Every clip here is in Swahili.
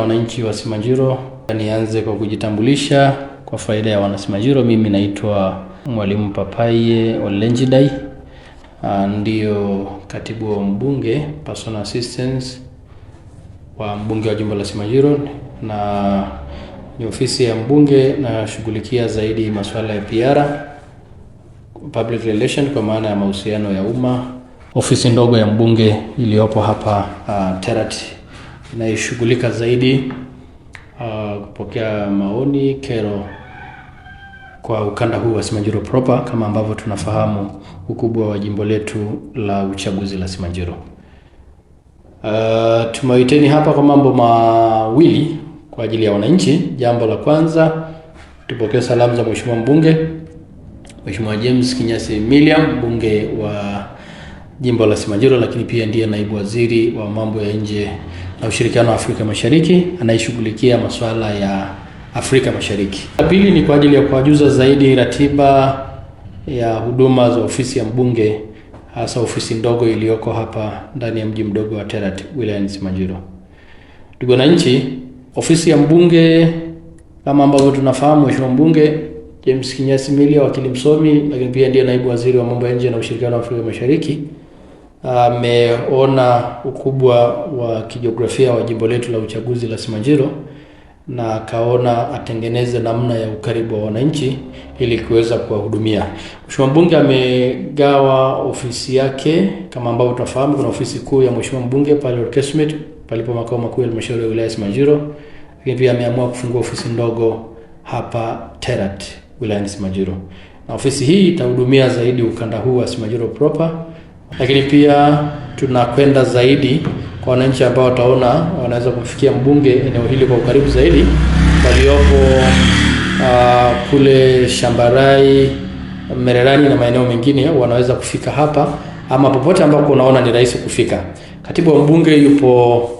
Wananchi wa Simanjiro, nianze kwa kujitambulisha kwa faida ya Wanasimanjiro. Mimi naitwa Mwalimu Papaye Olenjidai, ndiyo katibu wa mbunge personal assistance wa mbunge wa jimbo la Simanjiro, na ni ofisi ya mbunge nashughulikia zaidi masuala ya PR, public relation, kwa maana ya mahusiano ya umma, ofisi ndogo ya mbunge iliyopo hapa uh, Terrat inayeshughulika zaidi uh, kupokea maoni, kero kwa ukanda huu wa Simanjiro proper. Kama ambavyo tunafahamu ukubwa wa jimbo letu la uchaguzi la Simanjiro, uh, tumewaiteni hapa kwa mambo mawili kwa ajili ya wananchi. Jambo la kwanza, tupokee salamu za mheshimiwa mbunge, Mheshimiwa James Kinyasi Milliam, mbunge wa jimbo la Simanjiro, lakini pia ndiye naibu waziri wa mambo ya nje na ushirikiano wa Afrika Mashariki anayeshughulikia masuala ya Afrika Mashariki. La pili ni kwa ajili ya kuwajuza zaidi ratiba ya huduma za ofisi ya mbunge hasa ofisi ndogo iliyoko hapa ndani ya mji mdogo wa Terrat wilayani Simanjiro. Ndugu wananchi, ofisi ya mbunge kama ambavyo tunafahamu, Mheshimiwa mbunge James Kinyasi Milia wakili msomi, lakini pia ndiye naibu waziri wa mambo ya nje na ushirikiano wa Afrika Mashariki ameona ukubwa wa kijiografia wa jimbo letu la uchaguzi la Simanjiro na akaona atengeneze namna ya ukaribu wa wananchi ili kuweza kuwahudumia. Mheshimiwa mbunge amegawa ofisi yake kama ambavyo tunafahamu, kuna ofisi kuu ya mheshimiwa mbunge pale Orkesumet palipo makao makuu ya halmashauri ya wilaya Simanjiro, lakini pia ameamua kufungua ofisi ndogo hapa Terat wilayani Simanjiro, na ofisi hii itahudumia zaidi ukanda huu wa Simanjiro proper lakini pia tunakwenda zaidi kwa wananchi ambao wataona wanaweza kufikia mbunge eneo hili kwa ukaribu zaidi, waliopo uh, kule Shambarai, Mererani na maeneo mengine wanaweza kufika hapa ama popote ambapo unaona ni rahisi kufika. Katibu wa mbunge yupo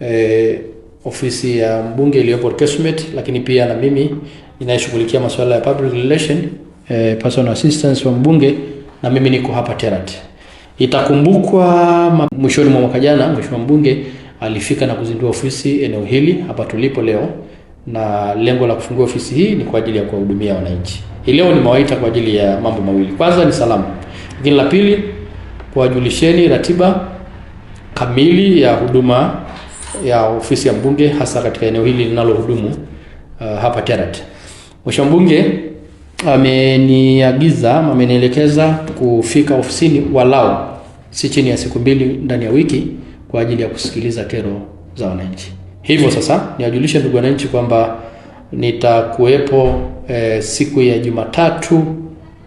eh, ofisi ya mbunge iliyopo kesmet lakini pia na mimi ninayeshughulikia masuala ya public relation eh, personal assistance wa mbunge, na mimi niko hapa terat Itakumbukwa mwishoni mwa mwaka jana, mheshimiwa mbunge alifika na kuzindua ofisi eneo hili hapa tulipo leo, na lengo la kufungua ofisi hii ni kwa ajili ya kuwahudumia wananchi. Hii leo nimewaita kwa ajili ya mambo mawili, kwanza ni salamu, lakini la pili kuwajulisheni ratiba kamili ya huduma ya ofisi ya mbunge hasa katika eneo hili linalohudumu uh, hapa Terrat. Mheshimiwa mbunge ameniagiza amenielekeza kufika ofisini walau si chini ya siku mbili ndani ya wiki kwa ajili ya kusikiliza kero za wananchi. Hivyo sasa niwajulishe ndugu wananchi kwamba nitakuwepo e, siku ya Jumatatu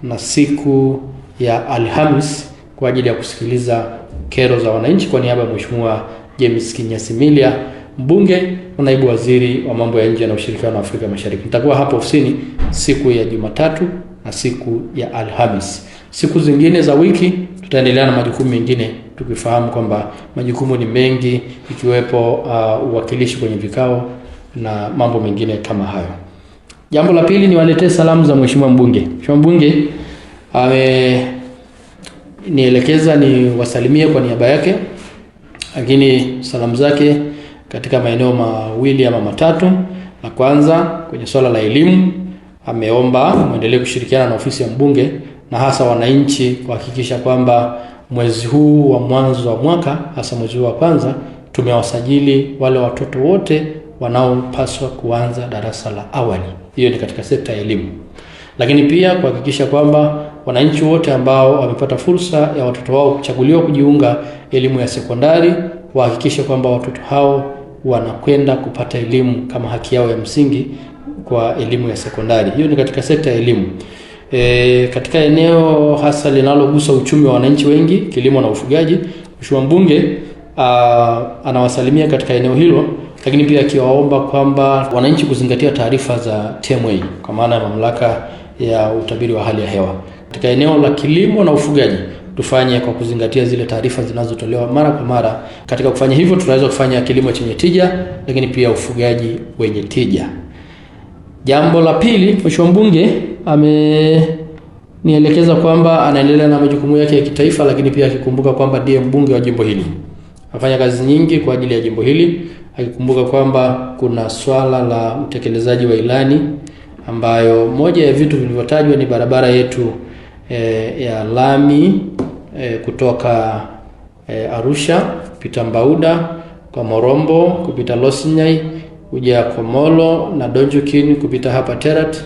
na siku ya Alhamis kwa ajili ya kusikiliza kero za wananchi kwa niaba ya Mheshimiwa James kinyasimilia mbunge na naibu waziri wa mambo ya nje na ushirikiano wa Afrika Mashariki. Nitakuwa hapa ofisini siku ya Jumatatu na siku ya Alhamis. Siku zingine za wiki tutaendelea na majukumu mengine, tukifahamu kwamba majukumu ni mengi, ikiwepo uh, uwakilishi kwenye vikao na mambo mengine kama hayo. Jambo la pili, niwaletee salamu za mheshimiwa mbunge. Mheshimiwa mbunge amenielekeza niwasalimie kwa niaba yake, lakini salamu zake katika maeneo mawili ama matatu. La kwanza kwenye swala la elimu, ameomba muendelee kushirikiana na ofisi ya mbunge na hasa wananchi kuhakikisha kwamba mwezi huu wa mwanzo wa mwaka, hasa mwezi huu wa kwanza, tumewasajili wale watoto wote wanaopaswa kuanza darasa la awali. Hiyo ni katika sekta ya elimu, lakini pia kuhakikisha kwamba wananchi wote ambao wamepata fursa ya watoto wao kuchaguliwa kujiunga elimu ya sekondari wahakikishe kwamba watoto hao wanakwenda kupata elimu kama haki yao ya msingi kwa elimu ya sekondari. Hiyo ni katika sekta ya elimu. E, katika eneo hasa linalogusa uchumi wa wananchi wengi, kilimo na ufugaji, Mheshimiwa Mbunge anawasalimia katika eneo hilo, lakini pia akiwaomba kwamba wananchi kuzingatia taarifa za TMA kwa maana ya mamlaka ya utabiri wa hali ya hewa katika eneo la kilimo na ufugaji tufanye kwa kuzingatia zile taarifa zinazotolewa mara kwa mara. Katika kufanya hivyo, tunaweza kufanya kilimo chenye tija, lakini pia ufugaji wenye tija. Jambo la pili, Mheshimiwa mbunge amenielekeza kwamba anaendelea na majukumu yake ya kitaifa, lakini pia akikumbuka kwamba ndiye mbunge wa jimbo hili, afanya kazi nyingi kwa ajili ya jimbo hili, akikumbuka kwamba kuna swala la utekelezaji wa ilani ambayo moja ya vitu vilivyotajwa ni barabara yetu e, ya lami e, kutoka e, Arusha kupita Mbauda kwa Morombo kupita Losinyai kuja Komolo na Donjukin kupita hapa Terat,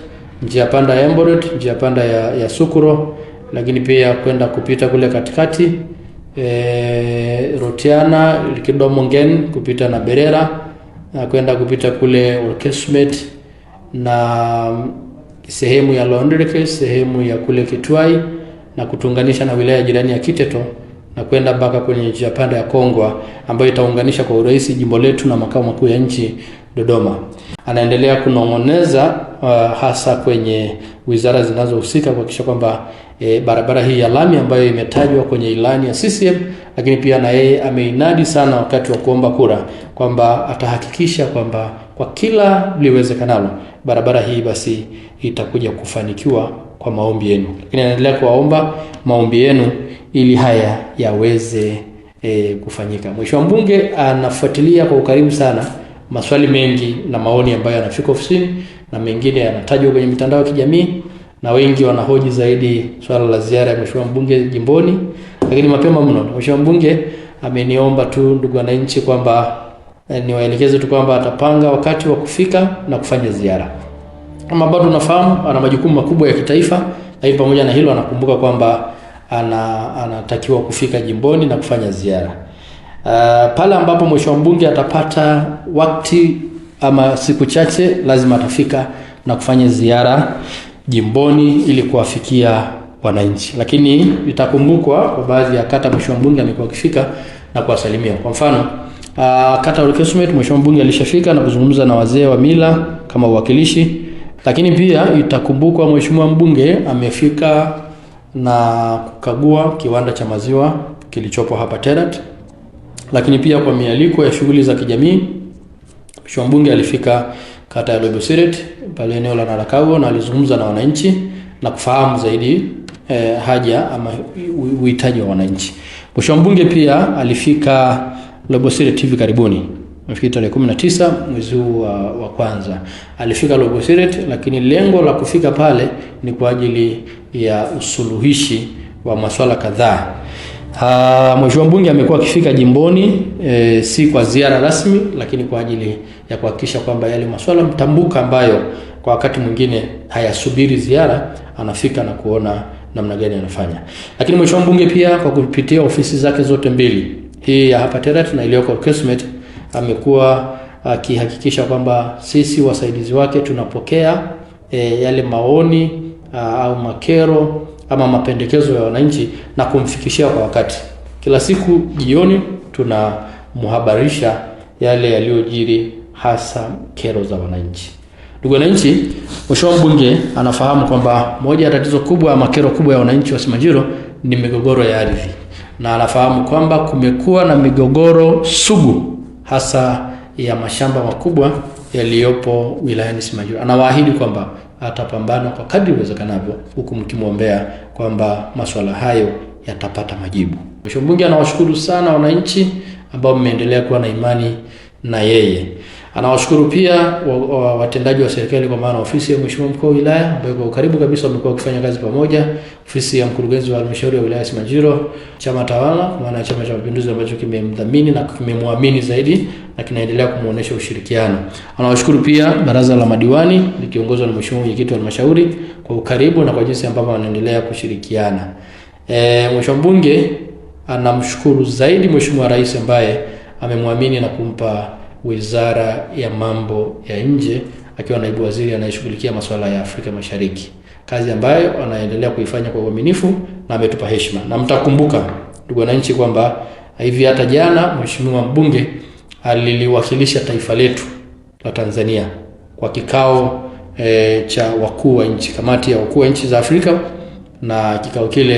njia panda ya Emboret, njia panda ya, ya Sukuro, lakini pia kwenda kupita kule katikati e, Rotiana Kidomongen kupita na Berera na kwenda kupita kule Orkesmet na mm, sehemu ya Londrike, sehemu ya kule Kitwai na kutuunganisha na wilaya jirani ya Kiteto na kwenda mpaka kwenye njia panda ya Kongwa ambayo itaunganisha kwa urahisi jimbo letu na makao makuu ya nchi Dodoma. Anaendelea kunong'oneza uh, hasa kwenye wizara zinazohusika kuhakikisha kwamba e, barabara hii ya lami ambayo imetajwa kwenye ilani ya CCM, lakini pia na yeye ameinadi sana wakati wa kuomba kura kwamba atahakikisha kwamba kwa kila liwezekanalo, barabara hii basi itakuja kufanikiwa kwa maombi yenu. Lakini anaendelea kuwaomba maombi yenu ili haya yaweze e, kufanyika. wa mbunge anafuatilia kwa ukaribu sana maswali mengi na maoni ambayo yanafika ofisini na mengine yanatajwa kwenye mitandao ya kijamii na wengi wanahoji zaidi swala la ziara ya mheshimiwa mbunge jimboni, lakini mapema mno mheshimiwa mbunge ameniomba tu, ndugu wananchi, kwamba Eh, niwaelekeze tu kwamba atapanga wakati wa kufika na kufanya ziara. Ama bado unafahamu ana majukumu makubwa ya kitaifa, lakini pamoja na hilo anakumbuka kwamba ana anatakiwa kufika jimboni na kufanya ziara. Uh, pale ambapo mheshimiwa mbunge atapata wakati ama siku chache, lazima atafika na kufanya ziara jimboni ili kuwafikia wananchi. Lakini itakumbukwa kwa baadhi ya kata mheshimiwa mbunge amekuwa akifika na kuwasalimia. Kwa mfano Uh, kata ya mheshimiwa mbunge alishafika na kuzungumza na wazee wa mila kama uwakilishi, lakini pia itakumbukwa mheshimiwa mbunge amefika na kukagua kiwanda cha maziwa kilichopo hapa Terrat, lakini pia kwa mialiko ya shughuli za kijamii mheshimiwa mbunge alifika kata ya Loibosiret pale eneo la Narakago na alizungumza na wananchi na kufahamu zaidi eh, haja ama uhitaji wa wananchi. Mheshimiwa mbunge pia alifika Lobosile TV karibuni. Nafikiri tarehe 19 mwezi huu wa, wa kwanza alifika Lobosiret, lakini lengo la kufika pale ni kwa ajili ya usuluhishi wa masuala kadhaa. Ah, mheshimiwa mbunge amekuwa akifika jimboni e, si kwa ziara rasmi, lakini kwa ajili ya kuhakikisha kwamba yale masuala mtambuka ambayo kwa wakati mwingine hayasubiri ziara, anafika na kuona namna gani anafanya. Lakini mheshimiwa mbunge pia kwa kupitia ofisi zake zote mbili hii ya hapa TERET na iliyoko Kismet, amekuwa akihakikisha kwamba sisi wasaidizi wake tunapokea e, yale maoni a, au makero ama mapendekezo ya wananchi na kumfikishia kwa wakati. Kila siku jioni tunamhabarisha yale yaliyojiri, hasa kero za wananchi. Ndugu wananchi, Mheshimiwa mbunge anafahamu kwamba moja ya tatizo kubwa ama kero kubwa ya wananchi wa Simanjiro ni migogoro ya ardhi na anafahamu kwamba kumekuwa na migogoro sugu hasa ya mashamba makubwa yaliyopo wilayani Simanjiro. Anawaahidi kwamba atapambana kwa kadri iwezekanavyo, huku mkimwombea kwamba masuala hayo yatapata majibu. Mheshimiwa Mbunge anawashukuru sana wananchi ambao mmeendelea kuwa na imani na yeye. Anawashukuru pia watendaji wa serikali kwa maana ofisi ya mheshimiwa mkuu wa wilaya ambayo kwa karibu kabisa wamekuwa wakifanya kazi pamoja, ofisi ya mkurugenzi wa halmashauri ya wilaya Simanjiro, chama tawala kwa maana Chama cha Mapinduzi ambacho kimemdhamini na kimemwamini zaidi na kinaendelea kumuonesha ushirikiano. Anawashukuru pia baraza la madiwani likiongozwa na mheshimiwa mwenyekiti wa halmashauri kwa ukaribu na kwa jinsi ambavyo wanaendelea kushirikiana. E, mheshimiwa mbunge anamshukuru zaidi mheshimiwa rais ambaye amemwamini na kumpa Wizara ya Mambo ya Nje akiwa naibu waziri anayeshughulikia masuala ya Afrika Mashariki, kazi ambayo anaendelea kuifanya kwa uaminifu na ametupa heshima. Na mtakumbuka ndugu wananchi, kwamba hivi hata jana mheshimiwa mbunge aliliwakilisha taifa letu la Tanzania kwa kikao e, cha wakuu wa nchi, kamati ya wakuu wa nchi za Afrika, na kikao kile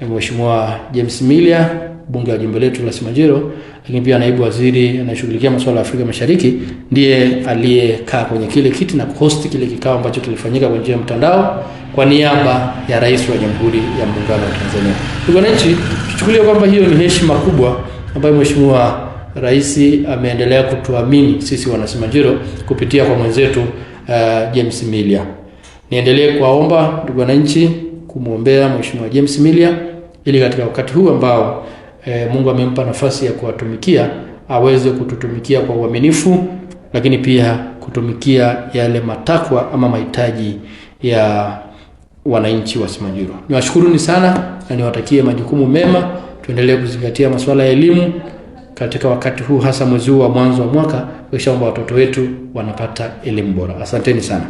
eh, mheshimiwa James Milia bunge la jimbo letu la Simanjiro, lakini pia naibu waziri anayeshughulikia masuala ya Afrika Mashariki ndiye aliyekaa kwenye kile kiti na kuhost kile kikao ambacho kilifanyika kwa njia ya mtandao kwa niaba ya rais wa Jamhuri ya Muungano wa Tanzania. Ndugu wananchi, tuchukulie kwamba hiyo ni heshima kubwa ambayo mheshimiwa rais ameendelea kutuamini sisi wana Simanjiro kupitia kwa mwenzetu uh, James Milia. Niendelee kuwaomba ndugu wananchi kumwombea mheshimiwa James Milia ili katika wakati huu ambao e, Mungu amempa nafasi ya kuwatumikia aweze kututumikia kwa uaminifu, lakini pia kutumikia yale matakwa ama mahitaji ya wananchi wa Simanjiro. Niwashukuruni sana na niwatakie majukumu mema. Tuendelee kuzingatia masuala ya elimu katika wakati huu, hasa mwezi huu wa mwanzo wa mwaka, kisha kwamba watoto wetu wanapata elimu bora. Asanteni sana.